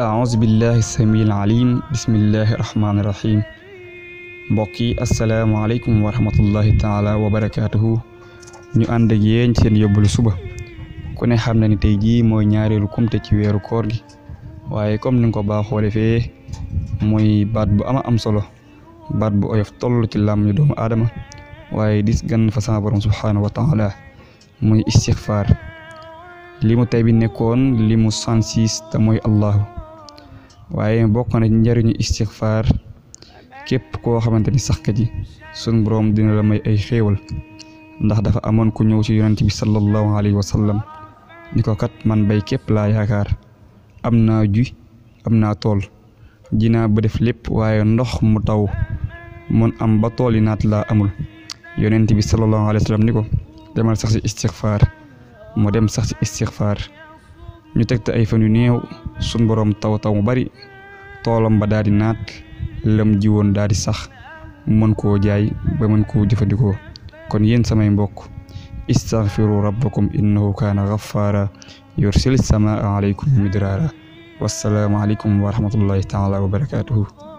أعوذ بالله السميع العليم بسم الله الرحمن الرحيم mbokk yi asalaamaaleykum wa rahmatullahi taala wa barakaatuhu ñu ànd ak yéen seen yóbbalu suba ku ne xam na ni tey jii mooy ñaareelu kumte ci weeru koor gi waaye comme ni nga ko baaxoo defee mooy baat bu ama am solo baat bu oyof toll ci làmmiñu doomu aadama waaye dis gan fa sama borom subhaanahu wa taala muy istixfaar li mu tey bi nekkoon li mu sansis te mooy allahu waaye bokk na njariñu istighfar képp koo xamante ni sax ka ji sun borom dina la may ay xéewal ndax dafa amoon ku ñëw ci yonent bi sallallahu alayhi wa sallam kat man bay képp laa yaakaar am naa amna am naa tool ba def lépp waaye ndox mu taw mun am ba tool yi amul yonent bi sallallahu alayhi wa sallam ni ko demal sax ci istighfar mu dem sax ci istighfar ñu teg te ay fan yu néew sun boroom taw taw mu bari toolam ba daal di naat lam jiwoon daal di sax mën koo jaay ba mën koo jëfandikoo kon yéen samay mbokk istaghfiru rabbakum innahu kaana ghaffara yursil samaa aleykum midraara wassalaamu aleykum wa rahmatullahi taala wa barakatuhu